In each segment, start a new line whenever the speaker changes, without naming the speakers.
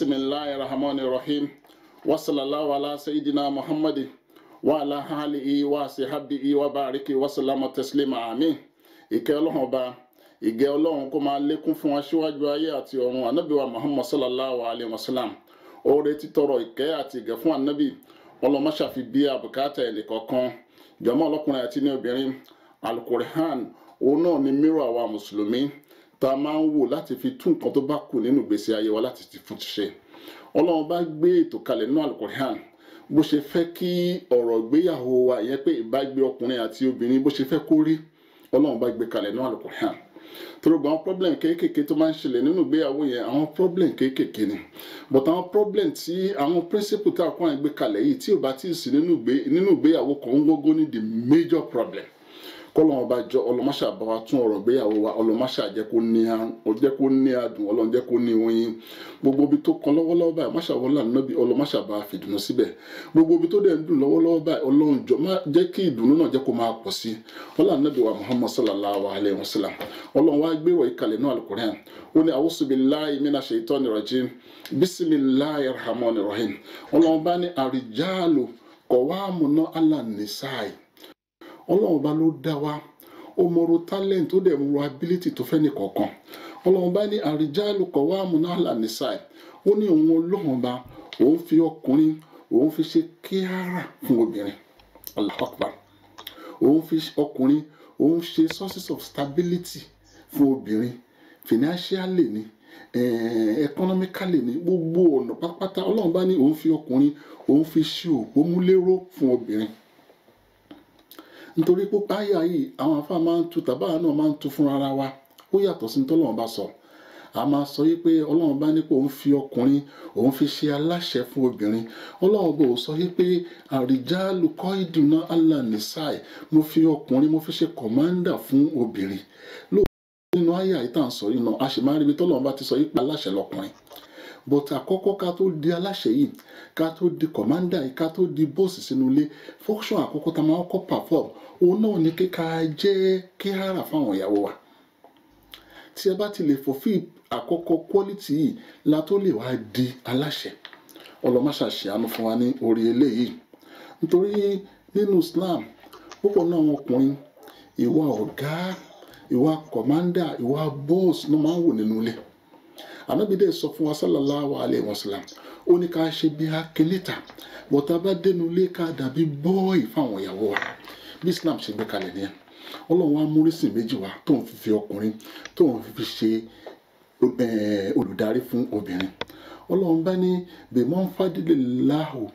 bisimilahi rahmani rahim wasalaamu ala sayidina muhammadin wa ala halihi wa sihabihi wa bariki wasalaamu taslima amin ìkẹ́ ọlọ́run ọba ìgẹ́ ọlọ́run kó máa lékún fún aṣíwájú ayé àti ọ̀run ànábì wa muhammad sallallahu alayhi wa sallam oore títọrọ ìkẹ́ àti ìgẹ́ fún ànábì ọlọ́mọṣàfi bí àbùkátà ẹ̀lẹ́ kọ̀ọ̀kan jọmọ́ ọlọ́kùnrin àti ní obìnrin alukurhan òun náà ni mírọ̀ àwa mùsùlùmí tá a máa ń wò láti fi tún nǹkan tó bá kù nínú ìgbésí ayé wa láti fún ṣe ọlọ́run bá gbé ètò kalẹ̀ nínú alukoran bó ṣe fẹ́ kí ọ̀rọ̀ ìgbéyàwó wa ìyẹn pé ìbágbé ọkùnrin àti obìnrin bó ṣe fẹ́ kó rí ọlọ́run bá gbé kalẹ̀ nínú alukoran torogbo àwọn problem kéékèèké tó máa ń ṣẹlẹ̀ nínú ìgbéyàwó yẹn àwọn problem kéékèèké ni but àwọn problem tí àwọn principle tá a kọ́ àgbékalẹ̀ yìí tí ò bá tí sí nínú ìgbéyàwó kan ń gógó ní the major problem kọ́lọ́n ọba jọ ọlọ́mọṣà bá wa tún ọ̀rọ̀ gbéyàwó wa ọlọ́mọṣà jẹ́ kó ní àrùn jẹ́ kó ní àdùn ọlọ́run jẹ́ kó ní oyin gbogbo ibi tó kan lọ́wọ́lọ́wọ́ báyìí máṣà wọlé ànábì ọlọ́mọṣà bá a fìdùnnú síbẹ̀ gbogbo ibi tó dẹ̀ ń dùn lọ́wọ́lọ́wọ́ báyìí ọlọ́run jọ má jẹ́ kí ìdùnnú náà jẹ́ kó máa pọ̀ sí ọlọ́run ànábì wa mina shaitani rajim bisimilahi rahman rahim ọlọ́run bá ní àrìjáàlù ọlọ́run ọba ló dá wa ó mọ̀rọ̀ talent ó dẹ̀ mọ̀rọ̀ ability tó fẹ́ nìkọ̀ọ̀kan ọlọ́run bá ní àríjálù kọ̀wá àmúnáàlà nìsáì ó ní òun ọlọ́run bá òun fi ọkùnrin òun fi ṣe kíára fún obìnrin Allahu Akbar òun fi ọkùnrin òun ṣe sources of stability fún obìnrin financially ni eh, economically ni gbogbo ọ̀nà pátápátá ọlọ́run bá ní òun fi ọkùnrin òun fi ṣe òpómúléró fún obìnrin nítorí pé àyà yìí àwọn afá máa ń tu tàbá náà máa ń tu fúnra ara wa ó yàtọ̀ sí tọ́lọ́wọ́n bá sọ a máa sọ yìí pé ọlọ́run bá ní pé òun fi ọkùnrin òun fi ṣe aláṣẹ fún obìnrin ọlọ́run bò sọ yìí pé àrìjálù kọ́ ìdùnnà allah nisai mo fi ọkùnrin mo fi ṣe kọ̀mándà fún obìnrin lóòótọ́ nínú àyà yìí sọ yìí náà a sì máa ń ríbi tọ́lọ́run bá ti sọ yìí pé aláṣẹ lọkùnrin but àkọ́kọ́ ká tó di aláṣẹ yìí ká tó di kọ̀mándà yìí ká tó di bóòsì sínú ilé function àkọ́kọ́ tá a máa kọ́ perform òun náà ni kíka jẹ́ kíhárà fáwọn ìyàwó wa tí a bá ti lè fulfill àkọ́kọ́ quality yìí la tó lè wá di aláṣẹ ọlọ́máṣà ṣàánú fún wa ní orí eléyìí nítorí nínú Islam púpọ̀ náà wọn ọkùnrin ìwà ọ̀gá ìwà kọ̀mándà ìwà bóòsì ló máa ń wò nínú ilé ànábì dẹ̀ sọ fún wa sallallahu alayhi wa sallam ó ní ká ṣe bí akélèta bọ̀tà bá dénú lé ká dàbí bọ́ọ̀ì fáwọn ìyàwó wa bí Islam ṣe gbé kalẹ̀ nìyẹn ọlọ́run wa múrísì méjì wa tóun fi fi ọkùnrin tóun fi ṣe olùdarí fún obìnrin ọlọ́run bá ní bèmọ́ ń fadílé láhùn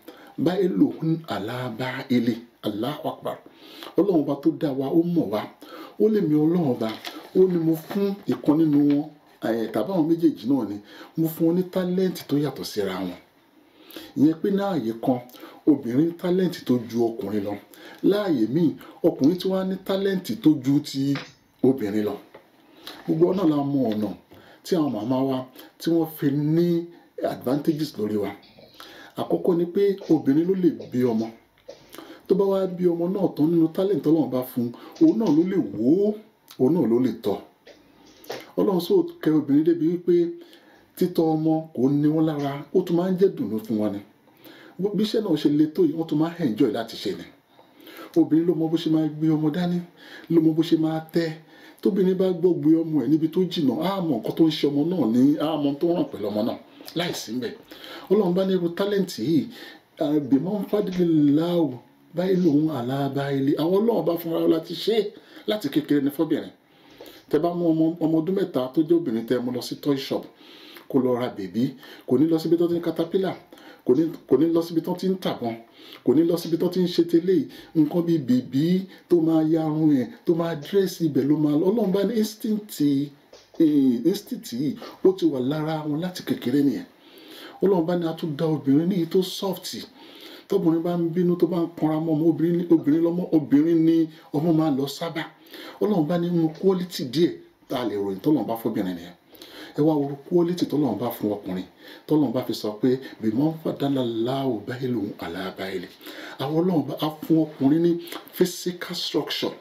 bá èlò ń àlàbá ilé Allahu Akbar ọlọ́run bá tó dá wa ó mọ̀ wá ó lè mi ọlọ́run bá ó ní mo fún ìkan nínú wọn tàbí àwọn méjèèjì náà ni mo fún wọn ní tálẹ́ǹtì tó yàtọ̀ síra wọn ìyẹn pé ní ààyè kan obìnrin ní tálẹ́ǹtì tó ju ọkùnrin lọ láàyè míì ọkùnrin tí wọ́n á ní tálẹ́ǹtì tó ju ti obìnrin lọ gbogbo náà la mọ ọ̀nà tí àwọn màmá wa tí wọ́n fi ní advantages lórí wa àkọ́kọ́ ni pé obìnrin ló lè bí ọmọ tó bá wá bí ọmọ náà tán nínú tálẹ́ǹtì Ọlọ́run bá fún un òun náà ló lè wò ó òun náà ló lè tọ́ ọ ọlọ́run sọ kẹ obìnrin débi wípé títọ́ ọmọ kò ní wọn lára ó tún máa ń jẹ́ dùnú fún wọn ni bí iṣẹ́ náà ṣe le tó yìí wọ́n tún máa ń enjoy láti ṣe ni obìnrin ló mọ bó ṣe máa gbé ọmọ dání ló mọ bó ṣe máa tẹ́ tóbìnrin bá gbọ́ gbé ọmọ ẹ̀ níbi tó jìnnà àmọ́ nǹkan tó ń ṣe ọmọ náà ní àmọ́ tó ràn pẹ̀lú ọmọ náà láìsí ń bẹ̀ ọlọ́run bá ní irú tálẹ́ǹtì yìí àbẹ̀mọ́ ń fàdílé láàwù báyìí lòun àlàbáyé àwọn ọlọ́run bá fúnra láti ṣe é láti kékeré ní fọ́bìnrin tẹ bá mú ọmọ ọdún mẹ́ta tó jẹ́ obìnrin tẹ mú lọ sí toy shop kó lọ ra bèbí kò ní lọ síbi tó ti ń caterpillar kò ní lọ síbi tó ti ń tàbọn kò ní lọ síbi tó ti ń ṣe tẹ́lẹ̀ nǹkan bíi bèbí tó máa yarun yẹn tó máa dírẹ́sì ibẹ̀ ló máa lọ ọlọ́run bá ní instinct eh, instinct yìí ó ti wà lára wọn láti kékeré nìyẹn ọlọ́run bá ní a obìnrin ní èyí soft tọkùnrin bá ń bínú tó bá ń kanra mọ́ ọmọ obìnrin lọ́mọ obìnrin ni ọmọ máa lọ sábà ọlọ́run bá nínú quality díẹ̀ tá a lè ròyìn tọ́lọ́run bá fóbìnrin nìyẹn ẹ wá wo quality tọ́lọ́run bá fún ọkùnrin tọ́lọ́run bá fi sọ pé bímọ fàdánlá láò báyìí lòun àlàbáyìí àwọn ọlọ́run bá á fún ọkùnrin ní physical structure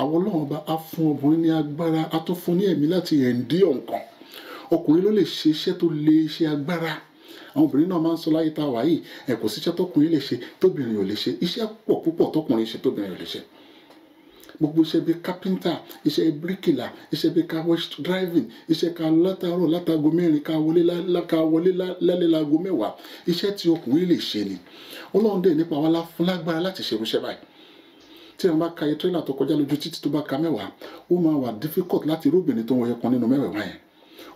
àwọn ọlọ́run bá á fún ọkùnrin ní agbára á tún fún ní ẹ̀mí láti endure nǹkan ọkùnrin ló lè ṣe iṣẹ́ tó le iṣẹ́ agbára àwọn obìnrin náà máa ń sọ láyé tá a wà yìí ẹ kò síṣẹ́ tọkùnrin lè ṣe tóbìnrin ò lè ṣe iṣẹ́ pọ̀ púpọ̀ tọkùnrin ṣe tóbìnrin ò lè ṣe gbogbo iṣẹ́ bíi kápẹ́ńtà iṣẹ́ bíríkìlà iṣẹ́ bíi car wash driving iṣẹ́ ká látàárọ̀ látàgò mẹ́rin ká wọlé lálẹ́ mẹ́wàá iṣẹ́ tí ọkùnrin lè ṣe ni ọlọ́run dẹ̀ nípa wa fún lágbára láti ṣe irúṣẹ́ báyìí tí wọn bá ka iye tírélà tó kọjá lójú títí tó bá ka mẹ́wàá ó máa wà difficult láti irúbìnrin tó wọ̀nyẹ kan nínú mẹ́wàá yẹn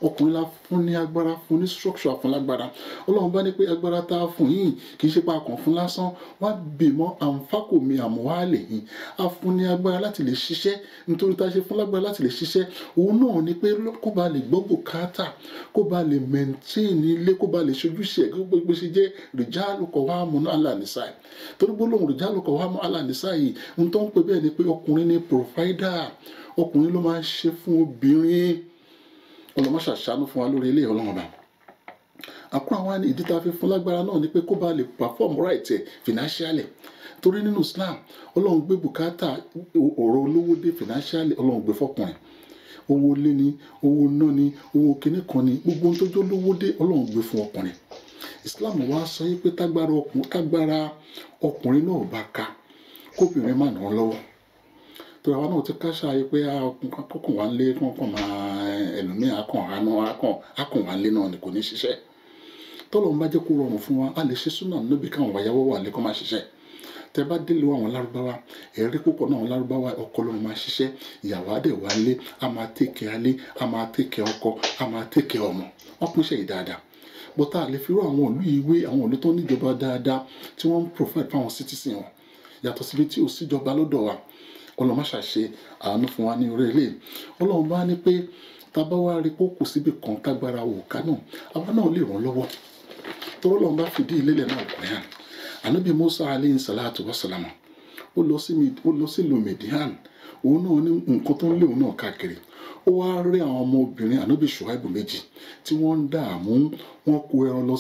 ọkùnrin la fún ní agbára fún ní structure fún lágbára ọlọ́run bá ní pé agbára tá a fún yìí kì í ṣe pa àkàn fún lásán wá bèmọ́ àǹfàkòmí àmúhálè yìí a fún ní agbára láti lè ṣiṣẹ́ nítorí tá a ṣe fún lágbára láti lè ṣiṣẹ́ òun náà ni pé kó ba lè gbọ́ bùkátà kó ba lè maintain ilé kó ba lè ṣojúṣe ẹ̀ gbogbo ṣe jẹ́ rìjálùkọ̀ wá mú alàníṣà yìí torí gbólóhùn rìjálùkọ̀ wá mú alàníṣà yìí ohun tó ń pè bẹ́ẹ̀ ni pé ọkùnrin ni provider ọkùnrin ló máa ń ṣe fún obìnrin ọlọmọṣà ṣàánú fún wa lórí ilé ọlọ́run ọba àkúrò àwọn ìdí tá a fi fún lágbára náà ni pé kó bá lè perform right ẹ̀ financially torí nínú Islam ọlọ́run gbé bùkátà ọ̀rọ̀ olówó dé financially ọlọ́run gbé fọkùnrin owó lé ni owó ná ni owó kinní kan ni gbogbo ohun tó jẹ́ olówó dé ọlọ́run gbé fún ọkùnrin Islam wá sọ yí pé tágbára ọkùnrin náà bá ka kóbìnrin má nà án lọ́wọ́ torí àwa náà ti káṣá yí pé ah, ọkùnrin wa ń lé kọ́ńkọ́ máa ẹlòmíì akàn àánú akàn akàn wà lé náà ni kò ní ṣiṣẹ́ tọ́lọ́run bá jẹ́ kó rọrùn fún wa a lè ṣe súnà níbi káwọn wáyáwó wà lé kó máa ṣiṣẹ́ tẹ bá délé àwọn lárúbáwá ẹ̀rí púpọ̀ náà lárúbáwá ọkọ ló máa ṣiṣẹ́ ìyàwó adé wa lé a máa tẹ̀kẹ́ alé a máa tẹ̀kẹ́ ọkọ a máa tẹ̀kẹ́ ọmọ wọ́n pínṣẹ́ yìí dáadáa bọ́tà lè fi rú àwọn ìlú ìwé àwọn ìlú tó níjọba dáadáa tí wọ́n ń provide fáwọn citizen wọn yàtọ̀ síbi tí ò síjọba lọ́dọ̀ wa ọlọ́mọṣàṣe àánú fún wa ní orí ilé bá ní pé tá a bá wá rí kó kù síbi kan tágbára òòká náà àwa náà lè ràn lọ́wọ́ tọ́wọ́ lọ́n bá fìdí ìlélẹ̀ náà kọ̀ yàn ànábì Musa aleyhi salatu wa salama ó lọ sí lomidian òun náà ní nǹkan tó ń lé òun náà káàkiri ó wá rí àwọn ọmọbìnrin ànábì Ṣuaibu méjì tí wọ́n ń dààmú wọ́n kó ẹran lọ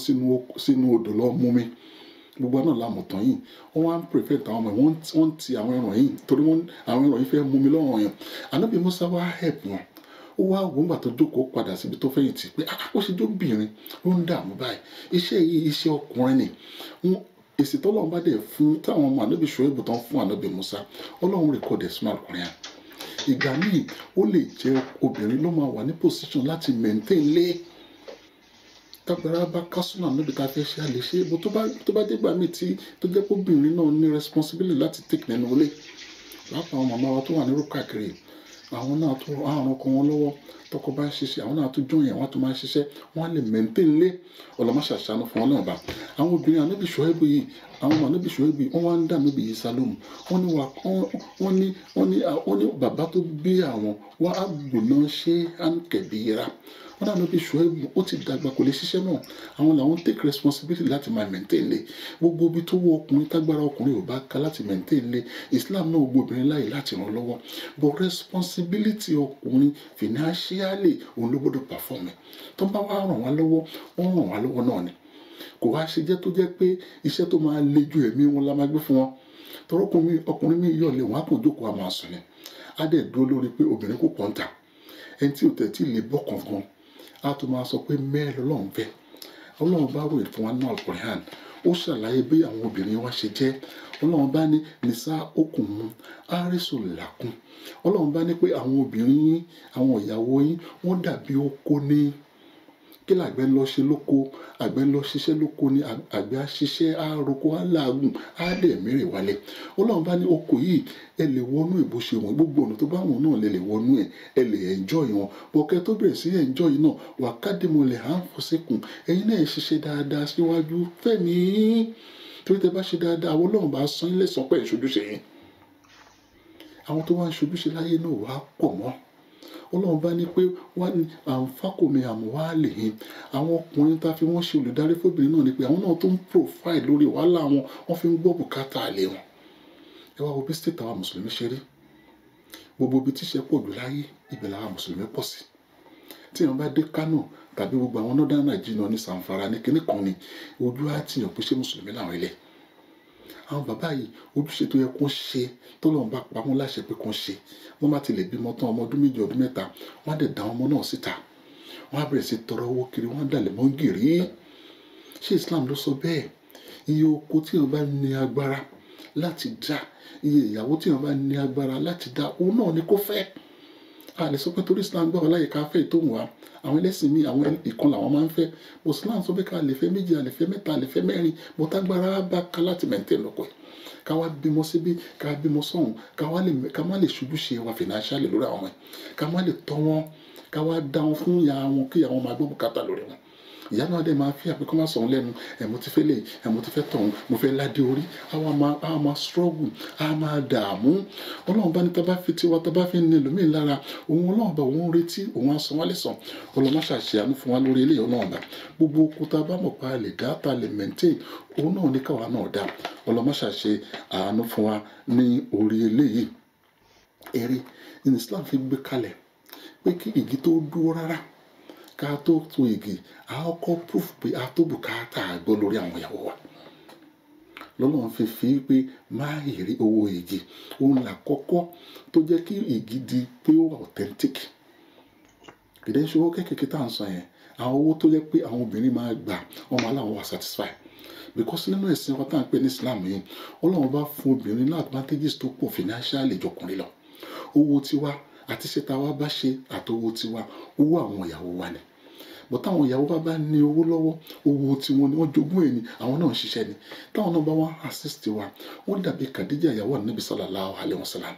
sínú odò lọ mú mi gbogbo náà la mọ̀ tán yìí wọ́n wá ń prevent àwọn ọmọ yìí wọ́n ti àwọn ẹran yìí torí àwọn ẹran yìí fẹ́ mú mi lọ́rùn yẹn ànábì Musa wá help wọn ó wá wò ńgbà tó jókòó padà síbi tó fẹ̀yìntì pé ah, ó ṣe jóbìnrin ló ń dààmú báyìí iṣẹ́ yìí iṣẹ́ ọkùnrin ni èsì tọ́lọ́run bá dẹ̀ fún táwọn ọmọ ànábì ṣòwébù tán fún ànábì musa ọlọ́run rẹ̀kọ̀dẹ̀ sínú ọkùnrin yẹn ìgbà míì ó lè jẹ́ obìnrin ló máa wà ní pòsíṣàn láti maintain lé tágbára bá kásùnà níbi tá a fẹ́ ṣe a lè ṣe é bó tó bá dégbà míì tí tó jẹ́ pé obìnrin náà ní responsibility láti take nínú ilé pàápàá àwọn màmá wa tó wà ní rúkàkiri àwọn náà tó àrùn ọkọ wọn lọ́wọ́ tọkọ bá ṣiṣẹ́ àwọn náà tó jọ yẹn wọ́n tó máa ṣiṣẹ́ wọ́n á lè mẹ́ńtẹ́ ńlé ọlọ́mọṣà ṣàánú fún wọn náà bá àwọn obìnrin ànábì ṣọ́ẹ́bù yìí àwọn ọmọ ànábì ṣọ́ẹ́bù yìí wọ́n wá ń dà níbi yìí sálómù wọ́n ní wà wọ́n ní wọ́n ní bàbá tó bí àwọn wọ́n á gbóná ṣe à ń kẹ̀bí ra wọ́n dàbí bí ṣùgbọ́n ó ti dàgbà kò lè ṣiṣẹ́ mọ́ àwọn làwọn take responsibility láti máa maintain lé gbogbo ibi tó wọ ọkùnrin tágbára ọkùnrin ò bá ká láti maintain lé Islam náà gbogbo obìnrin láàyè láti ràn lọ́wọ́ but responsibility ọkùnrin financially òun ló gbọ́dọ̀ perform ẹ̀ tó bá wá ràn wá lọ́wọ́ ó ràn wá lọ́wọ́ náà ni kò wá ṣe jẹ́ tó jẹ́ pé iṣẹ́ tó máa le ju ẹ̀mí wọn la máa gbé fún wọn tọrọkùnrin ọkùnrin mi yọ̀ọ̀lẹ̀ wọn á kàn jókòó àmọ́ àsùn ni á dẹ̀ dúró lórí pé obìnrin kò pọ́ńtà ẹni tí ò tẹ̀ tí ì lè bọ́ kankan láti máa sọ pé mẹ́rin lọ́lọ́run fẹ́ ọlọ́run bá wẹ̀ fún wa ní alukur'an ó ṣàlàyé bí àwọn obìnrin wa ṣe jẹ́ ọlọ́run bá ní nìṣá okùn mu árísò làkún ọlọ́run bá ní pé àwọn obìnrin yín àwọn ìyàwó yín wọ́n dàbí oko ní kí làgbẹ̀ lọ ṣe lóko àgbẹ̀ lọ ṣiṣẹ́ lóko ni àgbẹ̀ á ṣiṣẹ́ á roko á làágùn á dẹ̀ mẹ́rẹ̀ wálẹ̀ ọlọ́run bá ní oko yìí ẹ lè wọnú ìbúṣe wọn gbogbo ọ̀nà tó bá wọn náà lè lè wọnú ẹ ẹ lè enjoy wọn bọ̀kẹ́ tó bẹ̀rẹ̀ sí enjoy yìí náà wà kádìmọ̀lẹ̀ à ń fọ́sẹ̀kùn ẹ̀yin náà ṣiṣẹ́ dáadáa síwájú fẹ́mi torí tẹ bá ṣe dáadáa àwọn ọlọ́run bá san ilé sàn ìṣojúṣe yẹn àwọn tó wá ń ṣojúṣe láyé náà wàá pọ̀ mọ́ ọlọ́run bá ní pé wá ní àǹfàkùnmi àmúwálè yìí àwọn ọkùnrin tá a fi wọ́n ṣe olùdarí fóbìnrin náà ni pé àwọn náà tó ń profile lórí wàhálà wọn wọ́n fi ń gbọ́ bùkátà àlè wọn ẹ wá wo bí state àwọn mùsùlùmí ṣe rí gbogbo ibi tíṣẹ́ pọ̀ jù láyé ibẹ̀ làwọn mùsùlùmí pọ̀ sí tí wọn bá dé Kánò tàbí gbogbo àwọn northern Nigeria ní sanfara ní kinní kan ni ojú á tìyàn pé ṣé mùsùlùmí làwọn ilẹ̀ àwọn bàbá yìí ojúṣe tó yẹ kó ṣe tọ́lọ́run bá pa wọ́n láṣẹ pé kó ṣe wọ́n bá ti lè bímọ tán ọmọ ọdún méjì ọdún mẹ́ta wọ́n á dẹ̀ dá ọmọ náà síta wọ́n á bẹ̀rẹ̀ sí tọrọ owó kiri wọ́n á dàlẹ̀ mọ́ gìrì ṣé Islam ló sọ bẹ́ẹ̀ iye oko tí wọ́n bá ní agbára láti dá iye ìyàwó tí wọ́n bá ní agbára láti dá òun náà ni kó fẹ́ẹ́ a lè sọ pé torí Islam gbà wá láyè ká fẹ́ ìtòhùn wa àwọn ẹlẹ́sìn mi àwọn ìkan làwọn máa ń fẹ́ Islam sọ pé ká lè fẹ́ méjì a lè fẹ́ mẹ́ta a lè fẹ́ mẹ́rin bọ́tágbára bá ká láti maintain lọ́kọ̀ọ́ ká wá bímọ síbí ká bímọ sọ̀hún ká wá lè ká má lè ṣojú ṣe wa financially lórí àwọn ẹ̀ ká má lè tọ́ wọn ká wá dá wọn fún ìyá wọn kí àwọn máa gbọ́ bùkátà lórí wọn ìyá náà dẹ̀ máa fi àpékọ́ máa sọ̀rọ̀ lẹ́nu ẹ̀ mo ti fẹ́ lè ẹ̀ mo ti fẹ́ tọ̀hún mo fẹ́ ládé orí àwa máa àwa máa struggle àwa máa dààmú ọlọ́run bá ní tá bá fi tiwa tá bá fi ní ẹlòmíì lára òun ọlọ́run bá òun retí òun á san wá lẹ́san ọlọ́run máa ṣàṣe àánú fún wa lórí ilé ọlọ́run bá gbogbo okun tá a bá mọ̀ pa lè dá ta lè maintain òun náà ní káwa náà dá ọlọ́run máa ṣàṣe àánú fún wa ní orí ilé yìí ẹ̀rí ní Islam fi gbé kalẹ̀ pé kí ìgi tó dúró rárá ká tó tu igi a kọ́ proof pé a tó bùkátà gbọ́ lórí àwọn ìyàwó wa lọ́lọ́run fi fi pé máa èrè owó igi òun là kọ́kọ́ tó jẹ́ kí igi di pé ó authentic kìdẹ́ ṣòwò kékeré tá à ń sọ yẹn àwọn owó tó jẹ́ pé àwọn obìnrin máa gbà ọmọ aláwọ̀ wà satisfy because nínú ẹ̀sìn ọkọ tá à ń pè ní Islam yìí Ọlọ́run bá fún obìnrin ní advantages tó pọ̀ financially jọkùnrin lọ owó tiwa àti ṣe tá a wá bá ṣe àtowó tiwa owó àwọn ìyàwó wa ni bọ́ táwọn ìyàwó bá bá ní owó lọ́wọ́ owó tiwọn ni wọ́n jogún ẹ̀ ni àwọn náà ń ṣiṣẹ́ ni táwọn náà bá wá assist wa wọ́n dàbí Khadija ìyàwó ànábì sallallahu alaihi wasallam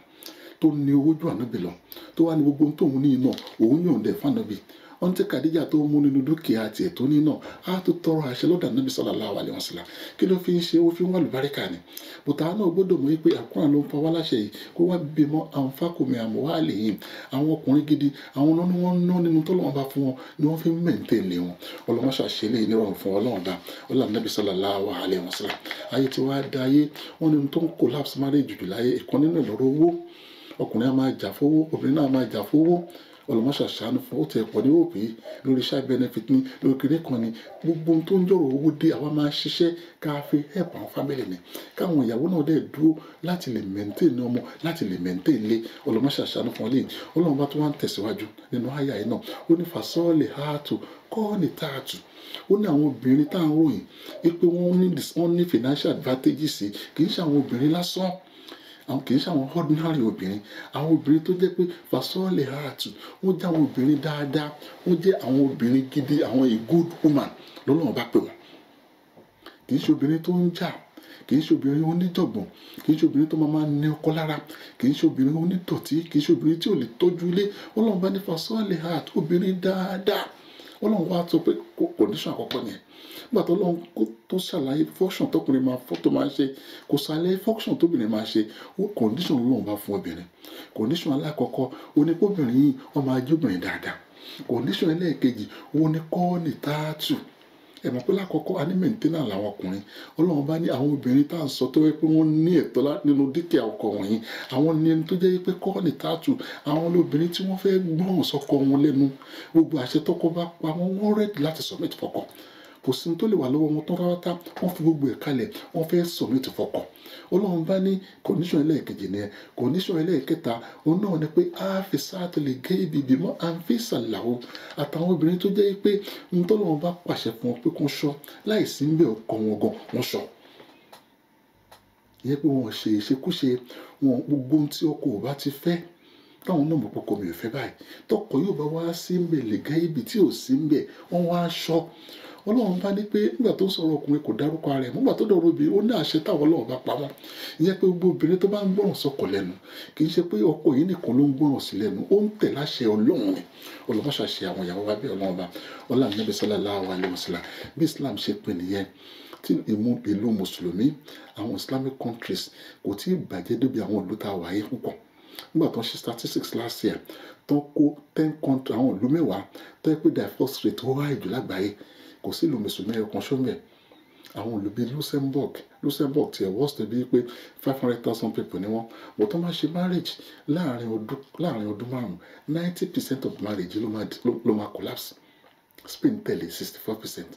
tó ní owó ju ànábì lọ tó wá ní gbogbo tóun ní iná òun yóò dẹ̀ fún ànábì ohun tí kàdíjà tó mú nínú dúkìá tiẹ̀ tó ní náà á tó tọrọ àṣẹ lọ́dà nàbí sallallahu alaihi wasallam kí ló fi ń ṣe ó fi ń wà lùbáríkà ni bùtà náà gbọ́dọ̀ mọ̀ wípé àkúrà ló ń fa wá láṣẹ yìí kó wá bímọ àǹfàkùnmí àmúwálìhìn àwọn ọkùnrin gidi àwọn ọ̀nà ni wọ́n ná nínú tọ́lọ́wọ́n bá fún wọn ni wọ́n fi ń mẹ̀ǹtẹ̀lé wọn ọlọ́mọṣàṣẹ́lẹ̀ nírọ̀rùn fún ọlọ́run dá ọlọ́run nàbí sallallahu alaihi wasallam ayé tí wàá da ayé wọn ni tó ń collapse marriage jù ọlọmọṣà ṣàánú fún ó ti ẹ̀pọ̀ ní òpè lórí iṣẹ́ benefit ní lórí kiri kan ni gbogbo ohun tó ń jọ̀rọ̀ owó dé àwa máa ṣiṣẹ́ ká fi help àwọn family ni káwọn ìyàwó náà dẹ̀ dúró láti lè maintain ọmọ láti lè maintain ilé ọlọmọṣà ṣàánú fún ọlẹ́yìn ọlọ́run bá tó wá ń tẹ̀síwájú nínú àyà yìí náà ó ní fasọ́ọ̀lì háàtò kọ́ọ̀nì táàtù ó ní àwọn obìnrin táwọn ròyìn pé wọ́n ní financial advantages kì í ṣe àwọn obìnrin lásán àwọn kì í ṣe àwọn ordinary obìnrin àwọn obìnrin tó jẹ́ pé fasọ́ọ̀lẹ̀ ààtù wọ́n jẹ́ àwọn obìnrin dáadáa wọ́n jẹ́ àwọn obìnrin gidi àwọn a good woman lọ́lọ́run bá pè wọ́n kì í ṣe obìnrin tó ń jà kì í ṣe obìnrin oníjọ̀gbọ̀n kì í ṣe obìnrin tó máa ní ọkọ lára kì í ṣe obìnrin onídọ̀tí kì í ṣe obìnrin tí ò lè tọ́jú ilé ọlọ́run bá ní fasọ́ọ̀lẹ̀ ààtù obìnrin dáadáa ọlọ́run wá sọ pé condition àkọ́kọ́ nìyẹn nígbà tó ọlọ́run tó ṣàlàyé function tọkùnrin máa fọ́ tó máa ṣe kò ṣàlàyé function tóbìnrin máa ṣe ó condition ọlọ́run bá fún obìnrin condition alákọ̀ọ́kọ́ onípòbìnrin yìí wọ́n máa jóbìnrin dáadáa condition ẹlẹ́ẹ̀kejì wọ́n ní kọ́ọ̀nì táàtù ẹ mọ̀ pé lákọ̀ọ́kọ́ a ní mẹ̀ǹtẹ́nà làwọn ọkùnrin ọlọ́run bá ní àwọn obìnrin tá à ń sọ tó yẹ pé wọ́n ní ẹ̀tọ́ nínú dúkìá ọkọ wọ̀nyí àwọn ní ẹni tó jẹ́ pé kọ́ọ̀nì táàtù àwọn olóbìnrin tí wọ́n fẹ́ gbọ́n sọkọ wọn lẹ́nu gbogbo àṣẹ bá pa wọ́n wọ́n rẹ̀ láti submit fọ́kọ kò sí tó lè wà lọ́wọ́ wọn tán rárá wọ́n fi gbogbo ẹ̀ kalẹ̀ wọ́n fẹ́ submit fọkàn ọlọ́run bá ní condition ẹlẹ́ẹ̀kejì nìyẹn condition ẹlẹ́ẹ̀kẹta òun náà ni pé a fi sáàtì lè gé ibi ìbímọ à ń fi ṣàlàó àtàwọn obìnrin tó jẹ́ pé ntọ́lọ́run bá pàṣẹ fún wọn pé kó ṣọ́ láì sí ń bẹ̀ ọkọ wọn gan wọ́n ṣọ́ ìyẹn pé wọn ṣe ìṣekúṣe wọn gbogbo ohun tí ọkọ ò bá ti fẹ́ táwọn náà mọ̀ pé kò mi ò fẹ́ báyìí tọkọ yóò bá wá sí ń bẹ̀ lè gẹ́ ibi tí ò sí ń wọ́n wá aṣọ ọlọ́run bá ní pé nígbà tó sọ̀rọ̀ ọkùnrin kò dárúkọ ara ẹ̀ nígbà tó dọ̀rọ̀ obìnrin ó ní àṣẹ táwọn ọlọ́run bá pamọ́ ìyẹn pé gbogbo obìnrin tó bá ń gbọ́ràn sọkọ lẹ́nu kì í ṣe pé ọkọ yìí nìkan ló ń gbọ́ràn sí lẹ́nu ó ń tẹ̀ láṣẹ ọlọ́run ni ọlọ́mọṣàṣe àwọn ìyàwó wa bí ọlọ́run bá ọlá Nábì sallallahu alaihi wasallam bí Islam ṣe pè nìyẹn tí ìlú mùsùlùmí àwọn Islamic countries nígbà tó ń ṣe statistics last year tó kó ten country àwọn ìlú mẹ́wàá tó yẹ pé divorce rate ó wáyé jù lágbàáyé kò sí ìlú mùsùlùmí ẹ̀kan ṣọ́mẹ̀ àwọn ìlú bíi Luxembourg Luxembourg tiẹ̀ worst bíi pé five hundred thousand people ni wọ́n but wọ́n máa ṣe marriage láàrin ọdún láàrin ọdún márùn-ún ninety percent of marriage ló máa ló máa collapse Spain tẹ̀lé sixty four percent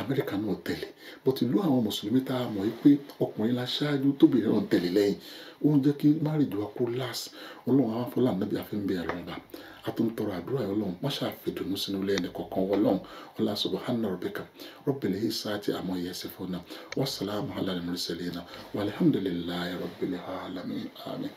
Amẹ́ríkà náà tẹ̀lé but ìlú àwọn mùsùlùmí tá a mọ̀ yìí pé ọkùnrin la ṣáájú tóbi náà tẹ̀lé lẹ́yìn ó ń jẹ́ kí marriage wa kó last ọlọ́run àwọn afọlá nàbí àfihàn bí ẹ̀rọ ń a tún tọrọ àdúrà ọlọ́run má ṣàfidùnú sínú ilé ẹni kọ̀ọ̀kan wọ ọlọ́run ọlá subahana rabbika rabbil izzati amma yasifuna wasalaamu ala al-mursalina walhamdulillahi rabbil alamin amin.